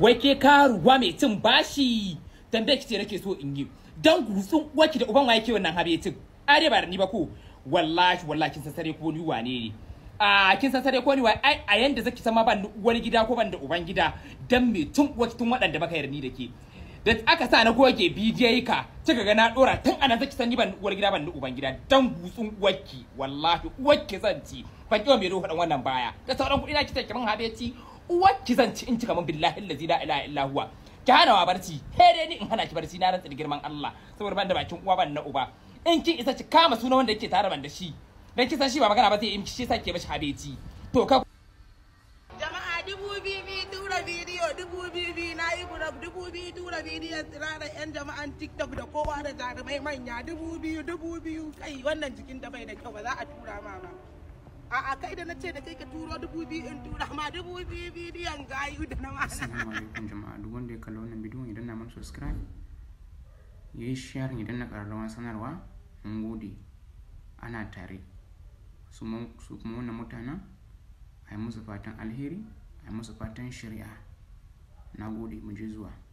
wai ke karuwa mai cin bashi tambaye ki ce nake so in yi dan gutsun uwarki da uban waye ke wannan habetin are ba da ni ba ko wallahi wallahi kin sasare sare ko ni wane ne a kin sasare sare ko ni wai a yanda zaki ma ban wani gida ko ban da uban gida dan mai tun tun waɗanda baka yarni ni da ke da aka sa na goge bidiyoyi ka kika ga na dora tun anan zaki san ni ban uwar gida ban uban gida dan gutsun uwarki wallahi uwarki zan ci ban kiwa mai roho dan wannan baya da sauran kuɗi na kike kiman habeci uwar ki zan ci in cika kamar billahi allazi la ilaha illa huwa ki hana wa barci he dai ni in hana ki barci na rantsa da girman Allah saboda ban da bakin uwa ban na uba in kin isa ki kama suna wanda yake tare ban da shi dan kisan shi ba magana ba sai in shi sa ke bashi habeci to ka jama'a dubu biyu tura bidiyo dubu biyu na yi gurab dubu biyu tura bidiyo tsirarar yan jama'an tiktok da kowa da jarumai manya dubu biyu dubu biyu kai wannan jikin da bai da kyau ba za a tura ma ba a'a kai da na ce da kai ka turo dubu biyu in tura ma dubu biyu bidiyon gayu da na ma. assalamu alaikum jama'a duk wanda ya kalla wannan bidiyon idan na mana subscribe ya yi sharing idan na ƙararrawan sanarwa mun gode ana tare su kuma wannan mutanen a yi musu fatan alheri a yi musu fatan shari'a na gode mu je zuwa